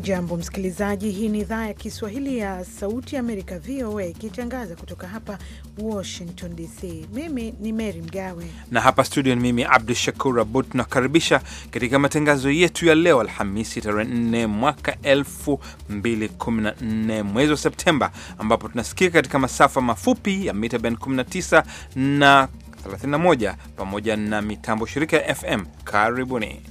Hujambo msikilizaji, hii ni idhaa ya Kiswahili ya Sauti Amerika, VOA, ikitangaza kutoka hapa Washington DC. Mimi ni Mary Mgawe na hapa studio ni mimi Abdu Shakur Abud. Tunakaribisha katika matangazo yetu ya leo Alhamisi tarehe 4 mwaka 2014 mwezi wa Septemba, ambapo tunasikika katika masafa mafupi ya mita band 19 na 31 pamoja na mitambo shirika ya FM. Karibuni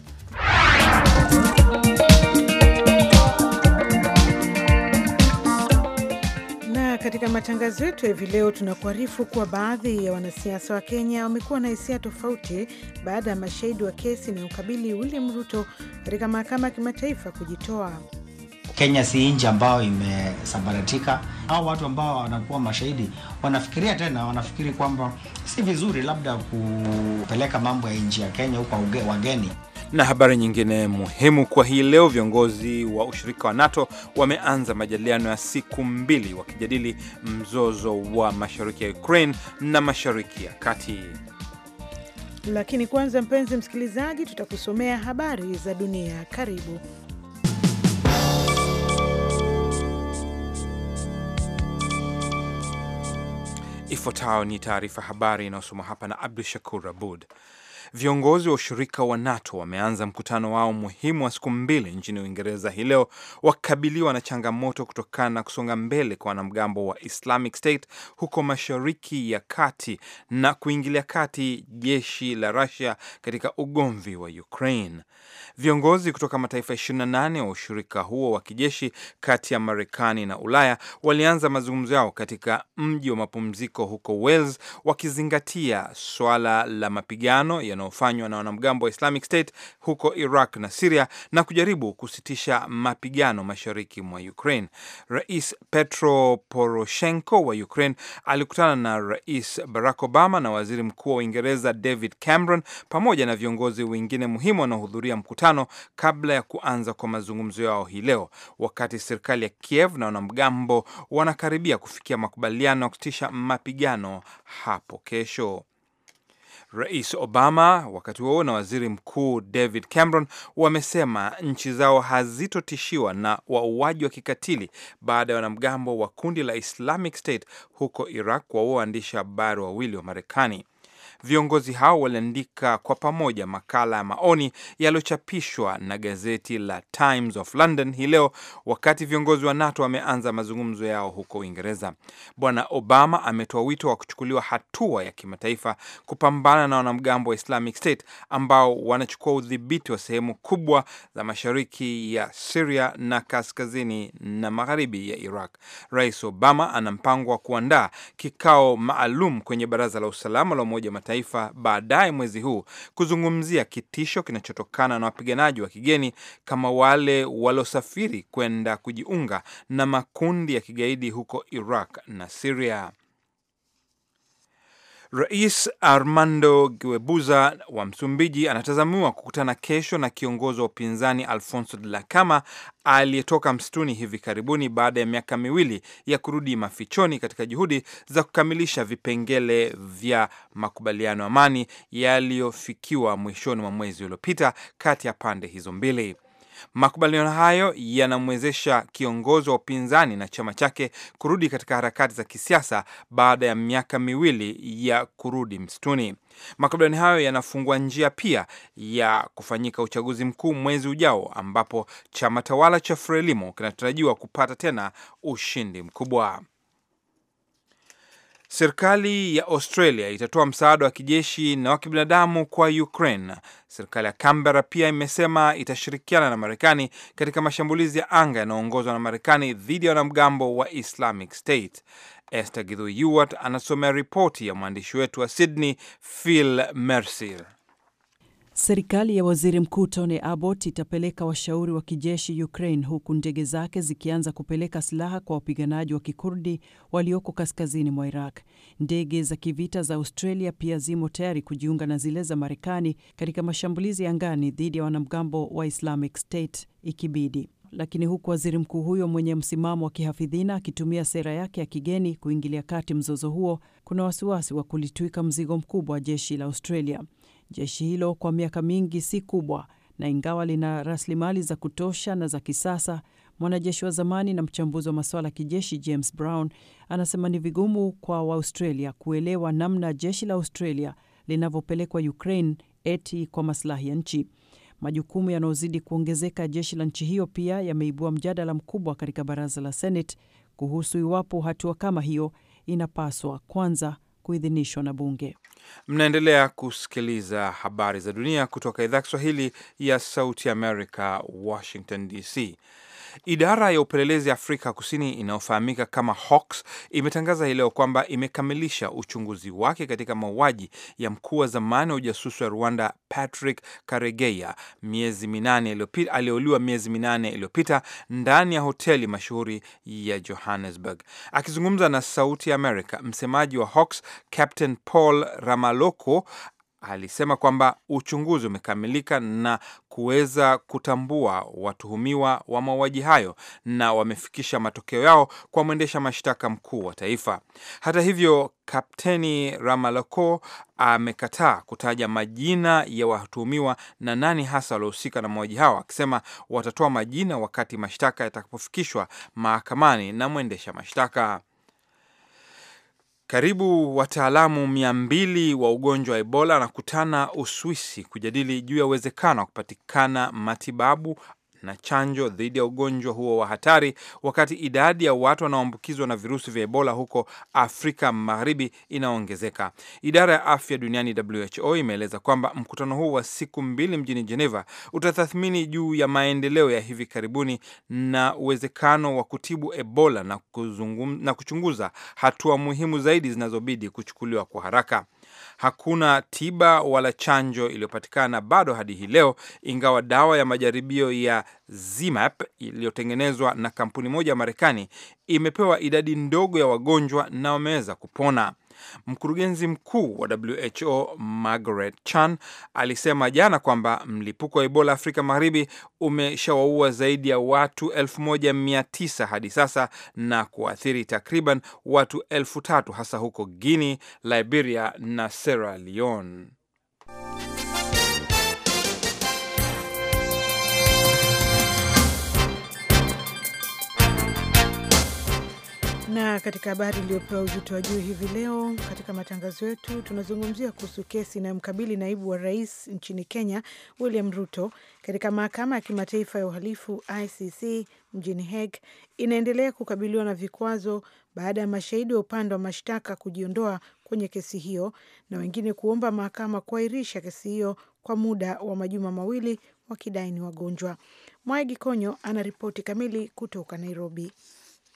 katika matangazo yetu hivi leo tunakuarifu kuwa baadhi ya wanasiasa wa Kenya wamekuwa na hisia tofauti baada ya mashahidi wa kesi inayokabili William Ruto katika mahakama ya kimataifa kujitoa. Kenya si nchi ambayo imesambaratika. Hao watu ambao wanakuwa mashahidi wanafikiria tena, wanafikiri kwamba si vizuri labda kupeleka mambo ya nchi ya Kenya huko wageni. Na habari nyingine muhimu kwa hii leo, viongozi wa ushirika wa NATO wameanza majadiliano ya siku mbili wakijadili mzozo wa mashariki ya Ukraine na mashariki ya kati. Lakini kwanza, mpenzi msikilizaji, tutakusomea habari za dunia. Karibu. Ifuatayo ni taarifa habari inayosoma hapa na Abdu Shakur Abud. Viongozi wa ushirika wa NATO wameanza mkutano wao muhimu wa siku mbili nchini Uingereza hii leo, wakabiliwa na changamoto kutokana na kusonga mbele kwa wanamgambo wa Islamic State huko Mashariki ya Kati na kuingilia kati jeshi la Russia katika ugomvi wa Ukraine. Viongozi kutoka mataifa 28 wa ushirika huo wa kijeshi kati ya Marekani na Ulaya walianza mazungumzo yao katika mji wa mapumziko huko Wales, wakizingatia swala la mapigano ya yanayofanywa na wanamgambo wa Islamic State huko Iraq na Siria na kujaribu kusitisha mapigano mashariki mwa Ukraine. Rais Petro Poroshenko wa Ukraine alikutana na Rais Barack Obama na Waziri Mkuu wa Uingereza David Cameron pamoja na viongozi wengine muhimu wanaohudhuria mkutano kabla ya kuanza kwa mazungumzo yao hii leo, wakati serikali ya Kiev na wanamgambo wanakaribia kufikia makubaliano ya kusitisha mapigano hapo kesho. Rais Obama wakati huo na waziri mkuu David Cameron wamesema nchi zao hazitotishiwa na wauaji wa kikatili baada ya wanamgambo wa kundi la Islamic State huko Iraq kuwaua waandishi habari wawili wa Marekani. Viongozi hao waliandika kwa pamoja makala ya maoni yaliyochapishwa na gazeti la Times of London hii leo, wakati viongozi wa NATO wameanza mazungumzo yao huko Uingereza. Bwana Obama ametoa wito wa kuchukuliwa hatua ya kimataifa kupambana na wanamgambo wa Islamic State ambao wanachukua udhibiti wa sehemu kubwa za mashariki ya Syria na kaskazini na magharibi ya Iraq. Rais Obama ana mpango wa kuandaa kikao maalum kwenye Baraza la Usalama la Umoja wa Mataifa kimataifa baadaye mwezi huu kuzungumzia kitisho kinachotokana na wapiganaji wa kigeni kama wale waliosafiri kwenda kujiunga na makundi ya kigaidi huko Iraq na Siria. Rais Armando Guebuza wa Msumbiji anatazamiwa kukutana kesho na kiongozi wa upinzani Alfonso de la Kama aliyetoka msituni hivi karibuni baada ya miaka miwili ya kurudi mafichoni katika juhudi za kukamilisha vipengele vya makubaliano amani yaliyofikiwa mwishoni mwa mwezi uliopita kati ya pande hizo mbili. Makubaliano hayo yanamwezesha kiongozi wa upinzani na chama chake kurudi katika harakati za kisiasa baada ya miaka miwili ya kurudi msituni. Makubaliano hayo yanafungua njia pia ya kufanyika uchaguzi mkuu mwezi ujao, ambapo chama tawala cha Frelimo kinatarajiwa kupata tena ushindi mkubwa. Serikali ya Australia itatoa msaada wa kijeshi na wa kibinadamu kwa Ukraine. Serikali ya Canberra pia imesema itashirikiana na Marekani katika mashambulizi ya anga yanayoongozwa na Marekani dhidi ya wanamgambo wa Islamic State. Esther Githui Yuwat anasomea ripoti ya mwandishi wetu wa Sydney, Phil Mercer. Serikali ya waziri mkuu Tony Abbott itapeleka washauri wa kijeshi Ukraine, huku ndege zake zikianza kupeleka silaha kwa wapiganaji wa kikurdi walioko kaskazini mwa Iraq. Ndege za kivita za Australia pia zimo tayari kujiunga na zile za Marekani katika mashambulizi ya angani dhidi ya wanamgambo wa Islamic State ikibidi. Lakini huku waziri mkuu huyo mwenye msimamo wa kihafidhina akitumia sera yake ya kigeni kuingilia kati mzozo huo, kuna wasiwasi wa kulitwika mzigo mkubwa wa jeshi la Australia. Jeshi hilo kwa miaka mingi si kubwa, na ingawa lina rasilimali za kutosha na za kisasa, mwanajeshi wa zamani na mchambuzi wa masuala ya kijeshi James Brown anasema ni vigumu kwa Waaustralia kuelewa namna jeshi la Australia linavyopelekwa Ukraine eti kwa masilahi ya nchi. Majukumu yanayozidi kuongezeka jeshi la nchi hiyo pia yameibua mjadala mkubwa katika baraza la Senate kuhusu iwapo hatua kama hiyo inapaswa kwanza kuidhinishwa na bunge. Mnaendelea kusikiliza habari za dunia kutoka idhaa Kiswahili ya Sauti Amerika, Washington DC. Idara ya upelelezi Afrika Kusini inayofahamika kama Hawks imetangaza hii leo kwamba imekamilisha uchunguzi wake katika mauaji ya mkuu wa zamani wa ujasusi wa Rwanda Patrick Karegeya miezi minane aliyeuliwa miezi minane iliyopita ndani ya hoteli mashuhuri ya Johannesburg. Akizungumza na Sauti ya Amerika, msemaji wa Hawks Captain Paul Ramaloko alisema kwamba uchunguzi umekamilika na kuweza kutambua watuhumiwa wa mauaji hayo na wamefikisha matokeo yao kwa mwendesha mashtaka mkuu wa taifa. Hata hivyo, Kapteni ramalaco amekataa kutaja majina ya watuhumiwa na nani hasa waliohusika na mauaji hao, akisema watatoa majina wakati mashtaka yatakapofikishwa mahakamani na mwendesha mashtaka. Karibu wataalamu mia mbili wa ugonjwa wa Ebola wanakutana Uswisi kujadili juu ya uwezekano wa kupatikana matibabu na chanjo dhidi ya ugonjwa huo wa hatari, wakati idadi ya watu wanaoambukizwa na virusi vya Ebola huko Afrika Magharibi inaongezeka. Idara ya afya duniani WHO imeeleza kwamba mkutano huu wa siku mbili mjini Geneva utatathmini juu ya maendeleo ya hivi karibuni na uwezekano wa kutibu Ebola na, na kuchunguza hatua muhimu zaidi zinazobidi kuchukuliwa kwa haraka hakuna tiba wala chanjo iliyopatikana bado hadi hii leo, ingawa dawa ya majaribio ya Zimap iliyotengenezwa na kampuni moja ya Marekani imepewa idadi ndogo ya wagonjwa na wameweza kupona. Mkurugenzi mkuu wa WHO Margaret Chan alisema jana kwamba mlipuko wa Ebola Afrika Magharibi umeshawaua zaidi ya watu 1900 hadi sasa na kuathiri takriban watu 3000 hasa huko Guinea, Liberia na Sierra Leone. Na katika habari iliyopewa uzito wa juu hivi leo katika matangazo yetu, tunazungumzia kuhusu kesi inayomkabili naibu wa rais nchini Kenya William Ruto katika mahakama ya kimataifa ya uhalifu ICC mjini Hague inaendelea kukabiliwa na vikwazo baada ya mashahidi wa upande wa mashtaka kujiondoa kwenye kesi hiyo na wengine kuomba mahakama kuahirisha kesi hiyo kwa muda wa majuma mawili wakidai ni wagonjwa. Mwaigi Konyo ana ripoti kamili kutoka Nairobi.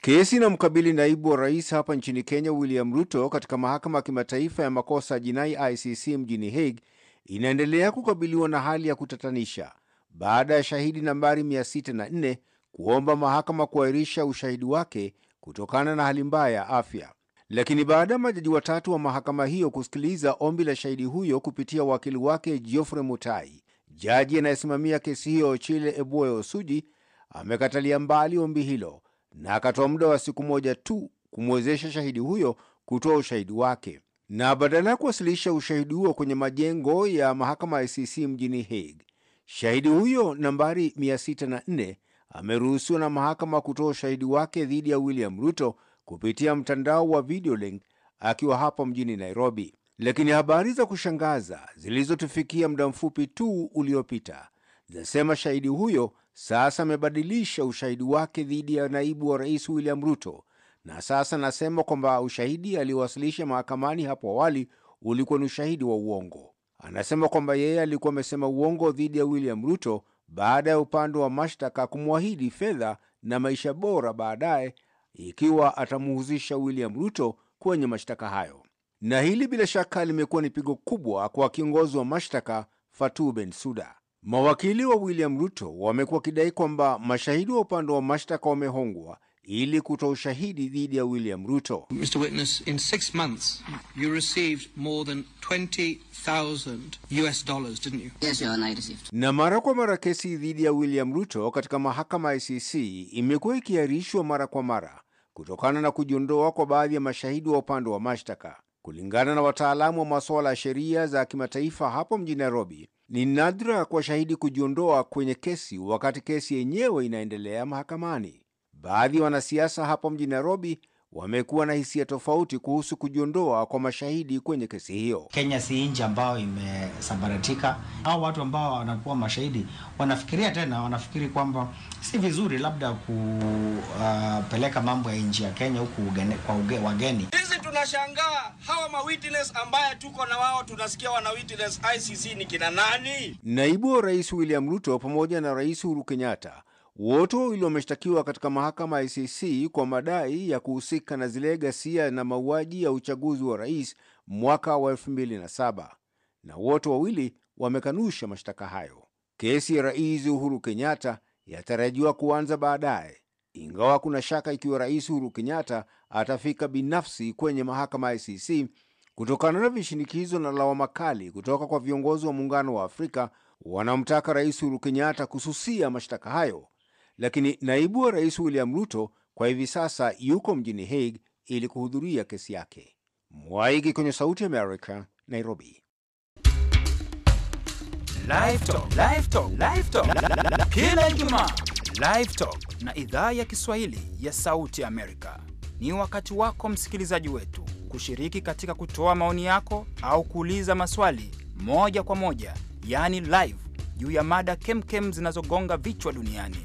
Kesi na mkabili naibu wa rais hapa nchini Kenya William Ruto katika mahakama ya kimataifa ya makosa ya jinai ICC mjini Hague inaendelea kukabiliwa na hali ya kutatanisha baada ya shahidi nambari 604 kuomba mahakama kuahirisha ushahidi wake kutokana na hali mbaya ya afya. Lakini baada ya majaji watatu wa mahakama hiyo kusikiliza ombi la shahidi huyo kupitia wakili wake Geoffrey Mutai, jaji anayesimamia kesi hiyo Chile Eboe Osuji amekatalia mbali ombi hilo na akatoa muda wa siku moja tu kumwezesha shahidi huyo kutoa ushahidi wake, na badala ya kuwasilisha ushahidi huo kwenye majengo ya mahakama ya ICC mjini Hague, shahidi huyo nambari 604 ameruhusiwa na mahakama kutoa ushahidi wake dhidi ya William Ruto kupitia mtandao wa video link akiwa hapa mjini Nairobi. Lakini habari za kushangaza zilizotufikia muda mfupi tu uliopita zinasema shahidi huyo sasa amebadilisha ushahidi wake dhidi ya naibu wa rais William Ruto, na sasa anasema kwamba ushahidi aliowasilisha mahakamani hapo awali ulikuwa ni ushahidi wa uongo. Anasema kwamba yeye alikuwa amesema uongo dhidi ya William Ruto baada ya upande wa mashtaka kumwahidi fedha na maisha bora baadaye ikiwa atamuhusisha William Ruto kwenye mashtaka hayo. Na hili bila shaka limekuwa ni pigo kubwa kwa kiongozi wa mashtaka Fatou Bensouda. Mawakili wa William Ruto wamekuwa wakidai kwamba mashahidi wa upande wa mashtaka wamehongwa ili kutoa ushahidi dhidi ya William Ruto. Mr. Witness, in six months you received more than 20,000 US dollars, didn't you? Yes, Your Honor, I received. Na mara kwa mara kesi dhidi ya William Ruto katika mahakama ya ICC imekuwa ikiahirishwa mara kwa mara kutokana na kujiondoa kwa baadhi ya mashahidi wa upande wa mashtaka. Kulingana na wataalamu wa masuala ya sheria za kimataifa hapo mjini Nairobi, ni nadra kwa shahidi kujiondoa kwenye kesi wakati kesi yenyewe inaendelea mahakamani. Baadhi ya wanasiasa hapo mjini Nairobi wamekuwa na hisia tofauti kuhusu kujiondoa kwa mashahidi kwenye kesi hiyo. Kenya si nchi ambayo imesambaratika. Hao watu ambao wanakuwa mashahidi wanafikiria tena, wanafikiri kwamba si vizuri labda kupeleka uh, mambo ya nchi ya Kenya huku kwa uge, wageni. Sisi tunashangaa hawa mawitness ambaye tuko na wao tunasikia wana witness ICC ni kina nani? Naibu wa Rais William Ruto pamoja na Rais Uhuru Kenyatta wote wawili wameshtakiwa katika mahakama ya ICC kwa madai ya kuhusika na zile ghasia na mauaji ya uchaguzi wa rais mwaka wa 2007 na wote wawili wamekanusha mashtaka hayo. Kesi ya Rais Uhuru Kenyatta yatarajiwa kuanza baadaye, ingawa kuna shaka ikiwa Rais Uhuru Kenyatta atafika binafsi kwenye mahakama ya ICC kutokana na vishinikizo na lawama kali kutoka kwa viongozi wa Muungano wa Afrika wanamtaka Rais Uhuru Kenyatta kususia mashtaka hayo lakini naibu wa rais William Ruto kwa hivi sasa yuko mjini Hague ili kuhudhuria kesi yake. Mwaigi kwenye Sauti ya America, Nairobi. kila Ijumaa. na idhaa ya Kiswahili ya Sauti ya Amerika ni wakati wako msikilizaji wetu kushiriki katika kutoa maoni yako au kuuliza maswali moja kwa moja, yaani live, juu ya mada kemkem zinazogonga vichwa duniani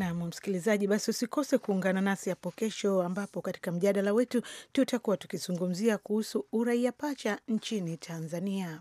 Nam msikilizaji, basi usikose kuungana nasi hapo kesho, ambapo katika mjadala wetu tutakuwa tukizungumzia kuhusu uraia pacha nchini Tanzania.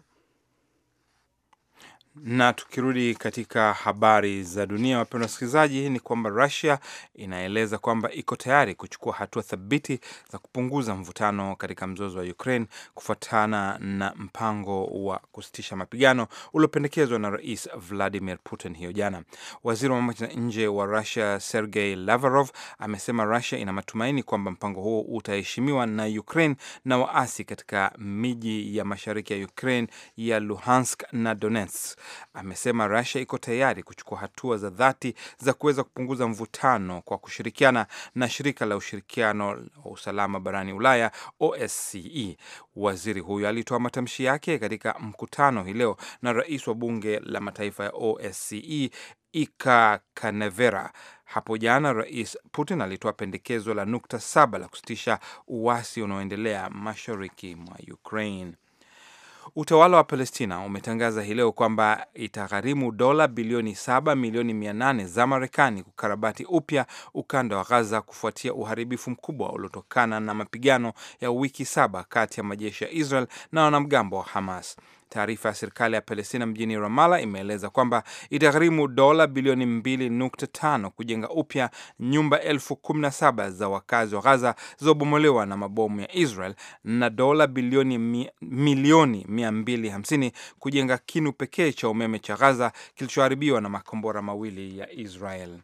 Na tukirudi katika habari za dunia, wapendwa wasikilizaji, ni kwamba Russia inaeleza kwamba iko tayari kuchukua hatua thabiti za kupunguza mvutano katika mzozo wa Ukraine kufuatana na mpango wa kusitisha mapigano uliopendekezwa na Rais Vladimir Putin hiyo jana. Waziri wa mambo ya nje wa Russia Sergei Lavrov amesema Russia ina matumaini kwamba mpango huo utaheshimiwa na Ukraine na waasi katika miji ya mashariki ya Ukraine ya Luhansk na Donetsk amesema Russia iko tayari kuchukua hatua za dhati za kuweza kupunguza mvutano kwa kushirikiana na shirika la ushirikiano wa usalama barani Ulaya, OSCE. Waziri huyo alitoa matamshi yake katika mkutano hii leo na rais wa bunge la mataifa ya OSCE Ika Kanevera. Hapo jana Rais Putin alitoa pendekezo la nukta saba la kusitisha uasi unaoendelea mashariki mwa Ukraine. Utawala wa Palestina umetangaza hii leo kwamba itagharimu dola bilioni 7 milioni 800 za Marekani kukarabati upya ukanda wa Gaza kufuatia uharibifu mkubwa uliotokana na mapigano ya wiki saba kati ya majeshi ya Israel na wanamgambo wa Hamas. Taarifa ya serikali ya Palestina mjini Ramala imeeleza kwamba itagharimu dola bilioni 2.5 kujenga upya nyumba elfu 17 za wakazi wa ghaza zilizobomolewa na mabomu ya Israel na dola bilioni mi, milioni 250 kujenga kinu pekee cha umeme cha Gaza kilichoharibiwa na makombora mawili ya Israel.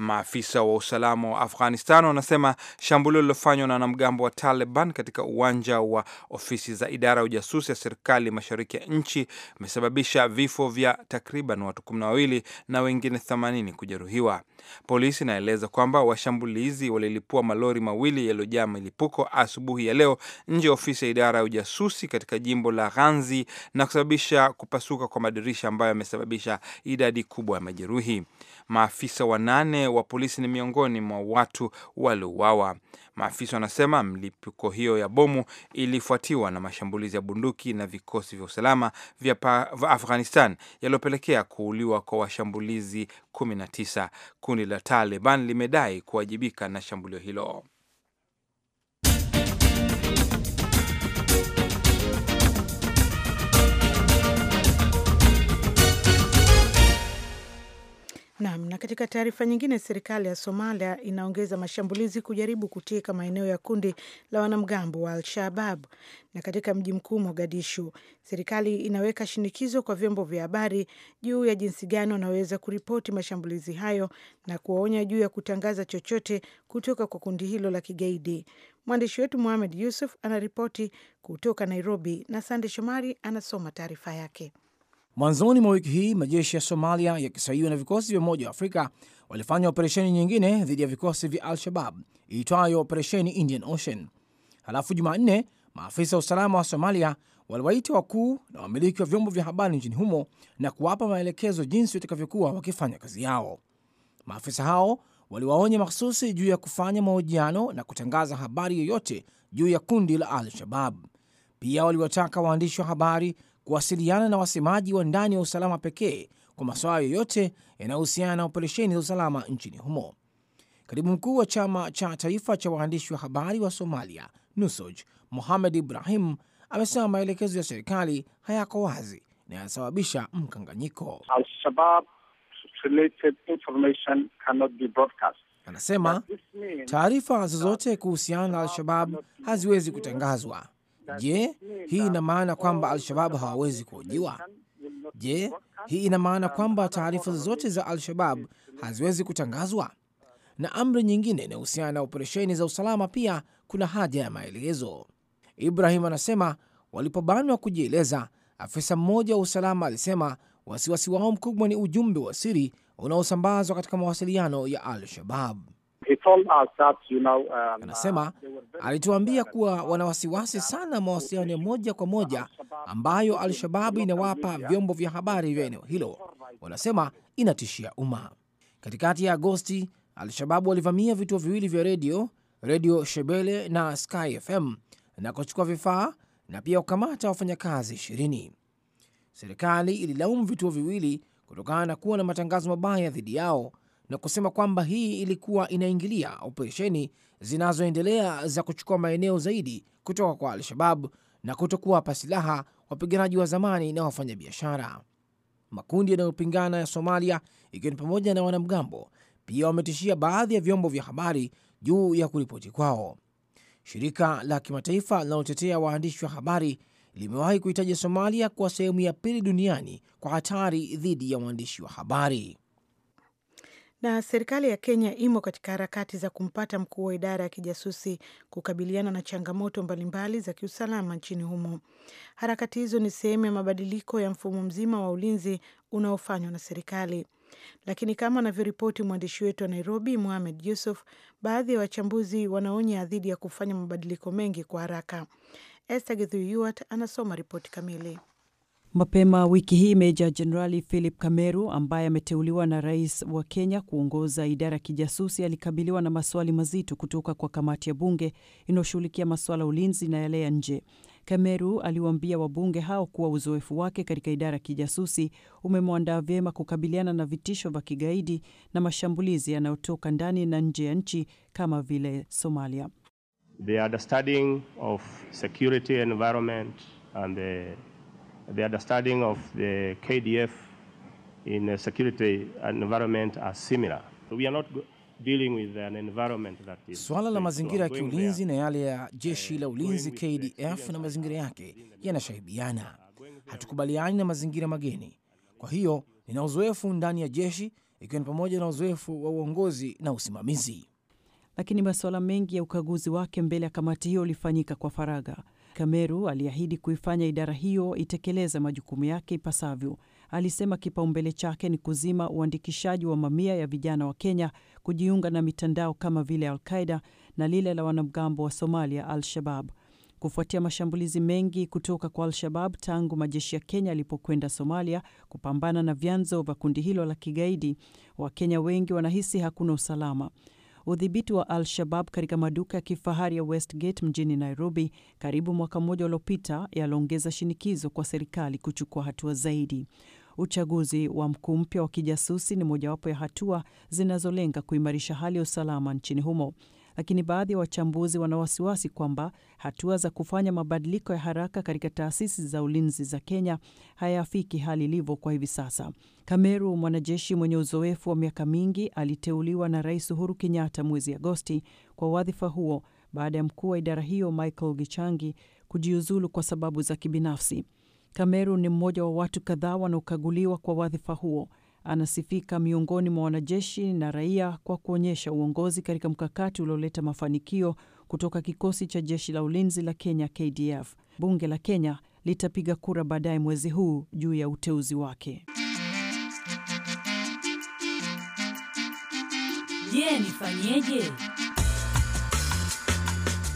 Maafisa wa usalama wa Afghanistan wanasema shambulio lilofanywa na wanamgambo wa Taliban katika uwanja wa ofisi za idara ya ujasusi ya serikali mashariki ya nchi imesababisha vifo vya takriban watu kumi na wawili na wengine 80 kujeruhiwa. Polisi inaeleza kwamba washambulizi walilipua malori mawili yaliyojaa milipuko asubuhi ya leo nje ya ofisi ya idara ya ujasusi katika jimbo la ghanzi na kusababisha kupasuka kwa madirisha ambayo yamesababisha idadi kubwa ya majeruhi. Maafisa wanane wa polisi ni miongoni mwa watu waliouawa. Maafisa wanasema mlipuko hiyo ya bomu ilifuatiwa na mashambulizi ya bunduki na vikosi vya usalama vya Afghanistan yaliyopelekea kuuliwa kwa washambulizi 19. Kundi la Taliban limedai kuwajibika na shambulio hilo. Naam. Na katika taarifa nyingine, serikali ya Somalia inaongeza mashambulizi kujaribu kuteka maeneo ya kundi la wanamgambo wa Al-Shabaab. Na katika mji mkuu Mogadishu, serikali inaweka shinikizo kwa vyombo vya habari juu ya jinsi gani wanaweza kuripoti mashambulizi hayo na kuwaonya juu ya kutangaza chochote kutoka kwa kundi hilo la kigaidi. Mwandishi wetu muhamed Yusuf anaripoti kutoka Nairobi na Sande Shomari anasoma taarifa yake. Mwanzoni mwa wiki hii majeshi ya Somalia yakisaidiwa na vikosi vya Umoja wa Afrika walifanya operesheni nyingine dhidi ya vikosi vya Al-Shabab iitwayo Operesheni Indian Ocean. Halafu Jumanne, maafisa wa usalama wa Somalia waliwaita wakuu na wamiliki wa vyombo vya habari nchini humo na kuwapa maelekezo jinsi watakavyokuwa wakifanya kazi yao. Maafisa hao waliwaonya mahususi juu ya kufanya mahojiano na kutangaza habari yoyote juu ya kundi la Al-Shabab. Pia waliwataka waandishi wa habari kuwasiliana na wasemaji wa ndani wa usalama pekee kwa masuala yoyote yanayohusiana na operesheni za usalama nchini humo. Katibu mkuu wa chama cha taifa cha waandishi wa habari wa Somalia, NUSOJ, Mohamed Ibrahim amesema maelekezo ya serikali hayako wazi na yanasababisha mkanganyiko. Anasema taarifa zozote kuhusiana na Al-Shabab haziwezi kutangazwa. Je, hii ina maana kwamba Al-Shababu hawawezi kuhojiwa? Je, hii ina maana kwamba taarifa zozote za Al-Shabab haziwezi kutangazwa? Na amri nyingine inayohusiana na operesheni za usalama pia kuna haja ya maelezo. Ibrahim anasema walipobanwa kujieleza, afisa mmoja wa usalama alisema wasiwasi wao mkubwa ni ujumbe wa siri unaosambazwa katika mawasiliano ya Al-Shabab. Um, anasema uh, alituambia kuwa wana wasiwasi sana mawasiliano ya moja kwa moja ambayo Al-Shababu inawapa vyombo vya habari vya eneo hilo. Wanasema inatishia umma. Katikati ya Agosti, Al-Shababu walivamia vituo viwili vya redio, redio Shebele na Sky FM na kuchukua vifaa na pia kukamata wafanyakazi ishirini. Serikali ililaumu vituo viwili kutokana na kuwa na matangazo mabaya dhidi yao na kusema kwamba hii ilikuwa inaingilia operesheni zinazoendelea za kuchukua maeneo zaidi kutoka kwa Al-Shabab na kutokuwapa silaha wapiganaji wa zamani na wafanyabiashara. Makundi yanayopingana ya Somalia, ikiwa ni pamoja na wanamgambo, pia wametishia baadhi ya vyombo vya habari juu ya kuripoti kwao. Shirika la kimataifa linalotetea waandishi wa habari limewahi kuhitaja Somalia kuwa sehemu ya pili duniani kwa hatari dhidi ya waandishi wa habari. Na serikali ya Kenya imo katika harakati za kumpata mkuu wa idara ya kijasusi kukabiliana na changamoto mbalimbali za kiusalama nchini humo. Harakati hizo ni sehemu ya mabadiliko ya mfumo mzima wa ulinzi unaofanywa na serikali. Lakini kama anavyoripoti mwandishi wetu wa Nairobi, muhamed Yusuf, baadhi ya wa wachambuzi wanaonya dhidi ya kufanya mabadiliko mengi kwa haraka. Esther Githui anasoma ripoti kamili. Mapema wiki hii Meja Jenerali Philip Kameru ambaye ameteuliwa na rais wa Kenya kuongoza idara ya kijasusi alikabiliwa na maswali mazito kutoka kwa kamati ya bunge inayoshughulikia masuala ya ulinzi na yale ya nje. Kameru aliwaambia wabunge hao kuwa uzoefu wake katika idara ya kijasusi umemwandaa vyema kukabiliana na vitisho vya kigaidi na mashambulizi yanayotoka ndani na nje ya nchi kama vile Somalia. The understanding of security environment and the the understanding of the KDF in security environment are similar. So we are not dealing with an environment that is Swala la uh, mazingira ya kiulinzi na yale ya jeshi la uh, ulinzi KDF na mazingira yake yanashahibiana. Uh, Hatukubaliani na mazingira mageni. Kwa hiyo nina uzoefu ndani ya jeshi ikiwa ni pamoja na uzoefu wa uongozi na usimamizi. Lakini masuala mengi ya ukaguzi wake mbele ya kamati hiyo ulifanyika kwa faragha. Kameru aliahidi kuifanya idara hiyo itekeleze majukumu yake ipasavyo. Alisema kipaumbele chake ni kuzima uandikishaji wa mamia ya vijana wa Kenya kujiunga na mitandao kama vile Al-Qaida na lile la wanamgambo wa Somalia Al-Shabab. Kufuatia mashambulizi mengi kutoka kwa Al-Shabab tangu majeshi ya Kenya yalipokwenda Somalia kupambana na vyanzo vya kundi hilo la kigaidi, Wakenya wengi wanahisi hakuna usalama udhibiti wa Al-Shabab katika maduka ya kifahari ya Westgate mjini Nairobi karibu mwaka mmoja uliopita yaliongeza shinikizo kwa serikali kuchukua hatua zaidi. Uchaguzi wa mkuu mpya wa kijasusi ni mojawapo ya hatua zinazolenga kuimarisha hali ya usalama nchini humo lakini baadhi ya wa wachambuzi wana wasiwasi kwamba hatua za kufanya mabadiliko ya haraka katika taasisi za ulinzi za Kenya hayafiki hali ilivyo kwa hivi sasa. Kameru, mwanajeshi mwenye uzoefu wa miaka mingi, aliteuliwa na Rais Uhuru Kenyatta mwezi Agosti kwa wadhifa huo baada ya mkuu wa idara hiyo Michael Gichangi kujiuzulu kwa sababu za kibinafsi. Kameru ni mmoja wa watu kadhaa wanaokaguliwa kwa wadhifa huo. Anasifika miongoni mwa wanajeshi na raia kwa kuonyesha uongozi katika mkakati ulioleta mafanikio kutoka kikosi cha jeshi la ulinzi la Kenya KDF. Bunge la Kenya litapiga kura baadaye mwezi huu juu ya uteuzi wake. Je, nifanyeje?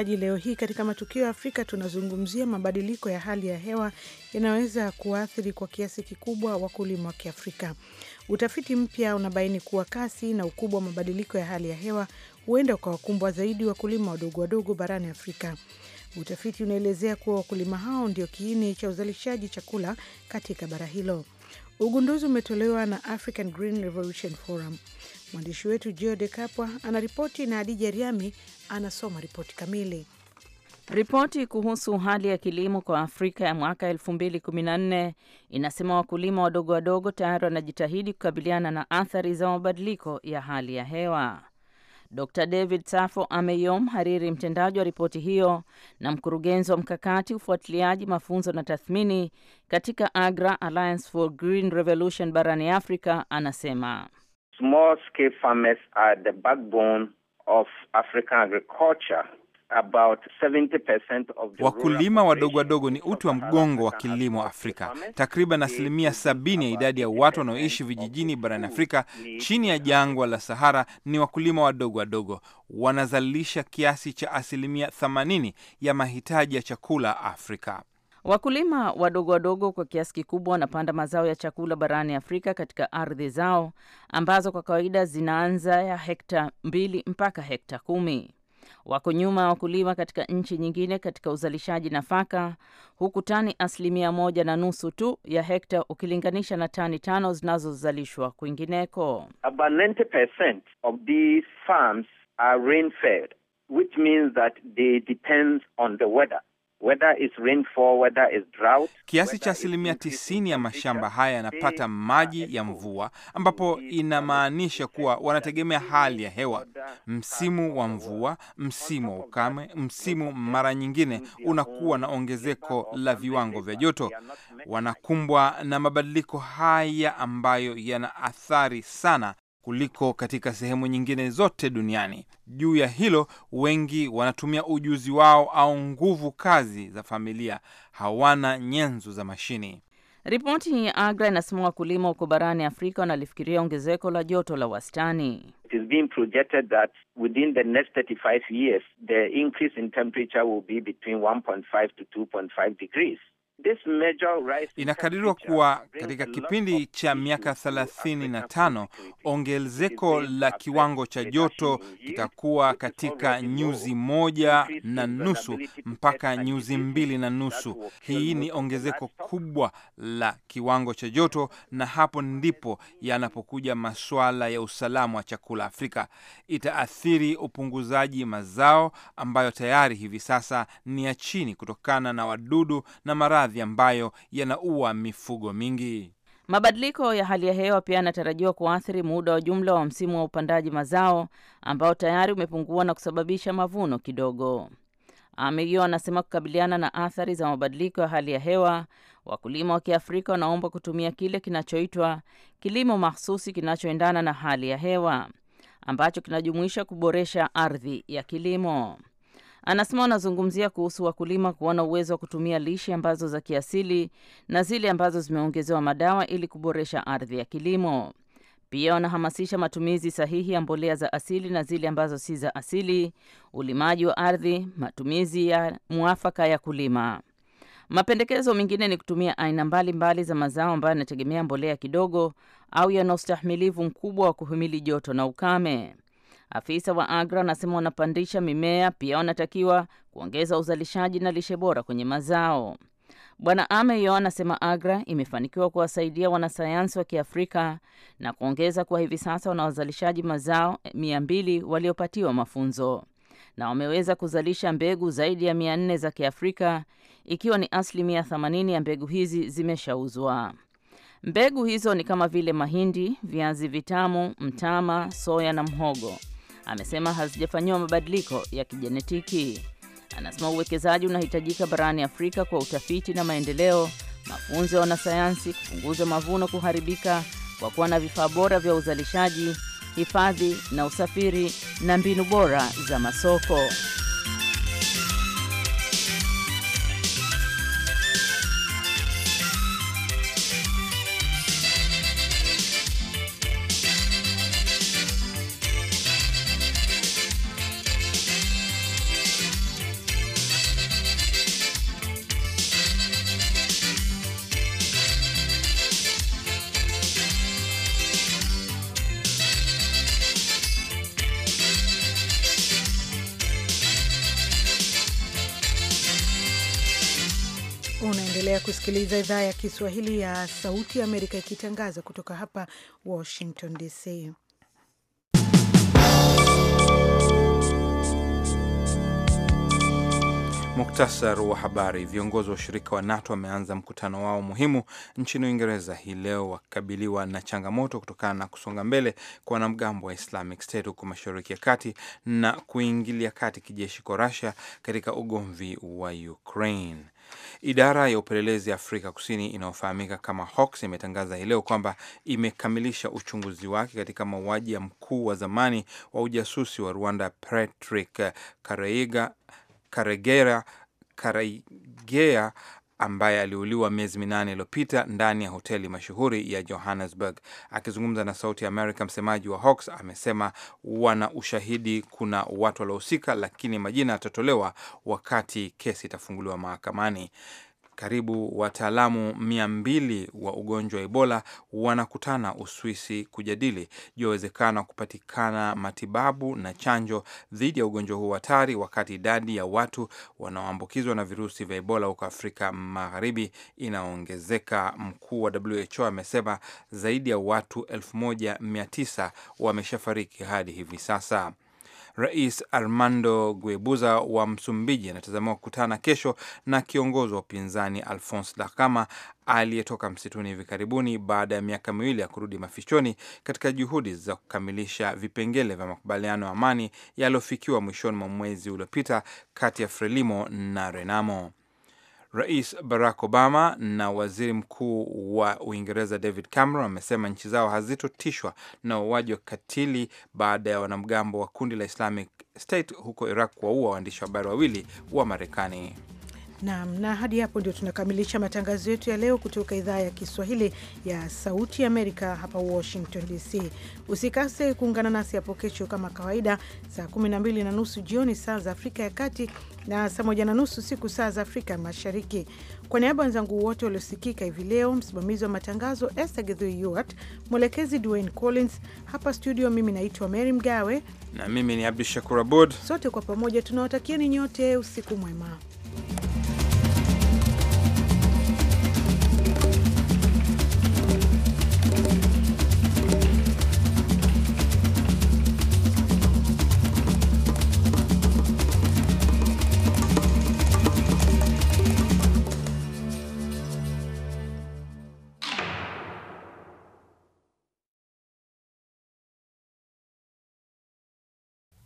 msikilizaji, leo hii katika matukio ya Afrika tunazungumzia mabadiliko ya hali ya hewa yanaweza kuathiri kwa kiasi kikubwa wakulima wa Kiafrika. Utafiti mpya unabaini kuwa kasi na ukubwa wa mabadiliko ya hali ya hewa huenda ukawakumbwa zaidi wakulima wadogo wadogo barani Afrika. Utafiti unaelezea kuwa wakulima hao ndio kiini cha uzalishaji chakula katika bara hilo. Ugunduzi umetolewa na African Green Revolution Forum. Mwandishi wetu de Kapwa anaripoti na Adija Riami anasoma ripoti kamili. Ripoti kuhusu hali ya kilimo kwa Afrika ya mwaka 2014 inasema wakulima wadogo wadogo tayari wanajitahidi kukabiliana na athari za mabadiliko ya hali ya hewa. Dr David Safo ameyom hariri mtendaji wa ripoti hiyo na mkurugenzi wa mkakati ufuatiliaji, mafunzo na tathmini katika Agra Alliance for Green Revolution barani Afrika, anasema small scale farmers are the backbone of African agriculture wakulima wadogo wadogo ni uti wa mgongo wa kilimo Afrika. Takriban asilimia sabini ya idadi ya watu wanaoishi vijijini barani Afrika chini ya jangwa la Sahara ni wakulima wadogo wadogo, wanazalisha kiasi cha asilimia 80 ya mahitaji ya chakula Afrika. Wakulima wadogo wadogo kwa kiasi kikubwa wanapanda mazao ya chakula barani Afrika katika ardhi zao ambazo kwa kawaida zinaanza ya hekta mbili mpaka hekta kumi wako nyuma ya wakulima katika nchi nyingine katika uzalishaji nafaka, huku tani asilimia moja na nusu tu ya hekta ukilinganisha na tani tano zinazozalishwa kwingineko. 90% which means that they depend on the weather Whether it's rainfall, whether it's drought, kiasi cha asilimia tisini ya mashamba haya yanapata maji ya mvua, ambapo inamaanisha kuwa wanategemea hali ya hewa, msimu wa mvua, msimu wa ukame, msimu mara nyingine unakuwa na ongezeko la viwango vya joto. Wanakumbwa na mabadiliko haya ambayo yana athari sana kuliko katika sehemu nyingine zote duniani. Juu ya hilo, wengi wanatumia ujuzi wao au nguvu kazi za familia, hawana nyenzo za mashini. Ripoti ya AGRA inasema wakulima huko barani Afrika wanalifikiria ongezeko la joto la wastani. Inakadiriwa kuwa katika kipindi cha miaka thelathini na tano ongezeko la kiwango cha joto kitakuwa katika nyuzi moja na nusu mpaka nyuzi mbili na nusu. Hii ni ongezeko kubwa la kiwango cha joto, na hapo ndipo yanapokuja masuala ya usalama wa chakula Afrika. Itaathiri upunguzaji mazao ambayo tayari hivi sasa ni ya chini kutokana na wadudu na maradhi maradhi ambayo yanaua mifugo mingi. Mabadiliko ya hali ya hewa pia yanatarajiwa kuathiri muda wa jumla wa msimu wa upandaji mazao ambao tayari umepungua na kusababisha mavuno kidogo. Amegio anasema kukabiliana na athari za mabadiliko ya hali ya hewa, wakulima wa Kiafrika wanaomba kutumia kile kinachoitwa kilimo mahsusi kinachoendana na hali ya hewa ambacho kinajumuisha kuboresha ardhi ya kilimo. Anasema wanazungumzia kuhusu wakulima kuona uwezo wa kutumia lishe ambazo za kiasili na zile ambazo zimeongezewa madawa ili kuboresha ardhi ya kilimo. Pia wanahamasisha matumizi sahihi ya mbolea za asili na zile ambazo si za asili, ulimaji wa ardhi, matumizi ya mwafaka ya kulima. Mapendekezo mengine ni kutumia aina mbalimbali za mazao ambayo yanategemea mbolea kidogo au yana ustahimilivu mkubwa wa kuhimili joto na ukame. Afisa wa AGRA anasema wanapandisha mimea, pia wanatakiwa kuongeza uzalishaji na lishe bora kwenye mazao. Bwana Ameyo anasema AGRA imefanikiwa kuwasaidia wanasayansi wa Kiafrika na kuongeza kuwa hivi sasa wana wazalishaji mazao mia mbili waliopatiwa mafunzo na wameweza kuzalisha mbegu zaidi ya mia nne za Kiafrika, ikiwa ni asilimia 80 ya mbegu hizi zimeshauzwa. Mbegu hizo ni kama vile mahindi, viazi vitamu, mtama, soya na mhogo amesema hazijafanyiwa mabadiliko ya kijenetiki. Anasema uwekezaji unahitajika barani Afrika kwa utafiti na maendeleo, mafunzo ya wanasayansi, kupunguza mavuno kuharibika kwa kuwa na vifaa bora vya uzalishaji, hifadhi na usafiri na mbinu bora za masoko. Unaendelea kusikiliza idhaa ya Kiswahili ya Sauti ya Amerika ikitangaza kutoka hapa Washington DC. Muktasar wa habari. Viongozi wa ushirika wa NATO wameanza mkutano wao muhimu nchini Uingereza hii leo, wakikabiliwa na changamoto kutokana na kusonga mbele kwa wanamgambo wa Islamic State huko Mashariki ya Kati na kuingilia kati kijeshi kwa Rusia katika ugomvi wa Ukraine. Idara ya upelelezi ya Afrika Kusini inayofahamika kama Hawks imetangaza hii leo kwamba imekamilisha uchunguzi wake katika mauaji ya mkuu wa zamani wa ujasusi wa Rwanda Patrick Kareiga Karegera Karegea ambaye aliuliwa miezi minane iliyopita ndani ya hoteli mashuhuri ya Johannesburg. Akizungumza na Sauti ya msemaji wa Hawks amesema wana ushahidi kuna watu waliohusika, lakini majina yatatolewa wakati kesi itafunguliwa mahakamani. Karibu wataalamu mia mbili wa ugonjwa wa Ebola wanakutana Uswisi kujadili juu ya uwezekano wa kupatikana matibabu na chanjo dhidi ya ugonjwa huu hatari, wakati idadi ya watu wanaoambukizwa na virusi vya Ebola huko Afrika Magharibi inaongezeka. Mkuu wa WHO amesema zaidi ya watu tisa wameshafariki hadi hivi sasa. Rais Armando Guebuza wa Msumbiji anatazamiwa kukutana kesho na kiongozi wa upinzani Alphonse Dhlakama aliyetoka msituni hivi karibuni baada ya miaka miwili ya kurudi mafichoni katika juhudi za kukamilisha vipengele vya makubaliano ya amani yaliyofikiwa mwishoni mwa mwezi uliopita kati ya Frelimo na Renamo. Rais Barack Obama na waziri mkuu wa Uingereza David Cameron wamesema nchi zao hazitotishwa na uwaji wa katili baada ya wanamgambo wa kundi la Islamic State huko Iraq kuwaua waandishi wa habari wawili wa Marekani. Naam, na hadi hapo ndio tunakamilisha matangazo yetu ya leo kutoka idhaa ya Kiswahili ya Sauti Amerika hapa Washington DC. usikase kuungana nasi hapo kesho kama kawaida saa 12 na nusu jioni saa za Afrika ya Kati na saa moja na nusu siku saa za Afrika Mashariki. Kwa niaba wenzangu wote waliosikika hivi leo, msimamizi wa matangazo Estagthuat, mwelekezi Dwayne Collins hapa studio, mimi naitwa Mary Mgawe na mimi ni Abdu Shakur Abud. Sote kwa pamoja ni nyote usiku mwema.